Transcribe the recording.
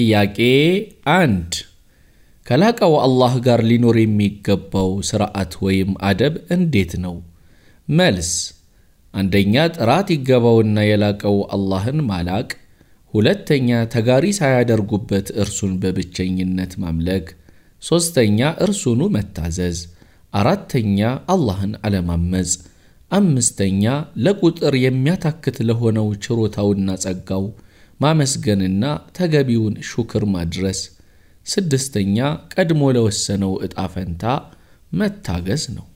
ጥያቄ አንድ ከላቀው አላህ ጋር ሊኖር የሚገባው ስርዓት ወይም አደብ እንዴት ነው? መልስ አንደኛ ጥራት ይገባውና የላቀው አላህን ማላቅ፣ ሁለተኛ ተጋሪ ሳያደርጉበት እርሱን በብቸኝነት ማምለክ፣ ሦስተኛ እርሱኑ መታዘዝ፣ አራተኛ አላህን አለማመፅ፣ አምስተኛ ለቁጥር የሚያታክት ለሆነው ችሮታውና ጸጋው ማመስገንና ተገቢውን ሹክር ማድረስ። ስድስተኛ ቀድሞ ለወሰነው ዕጣ ፈንታ መታገዝ ነው።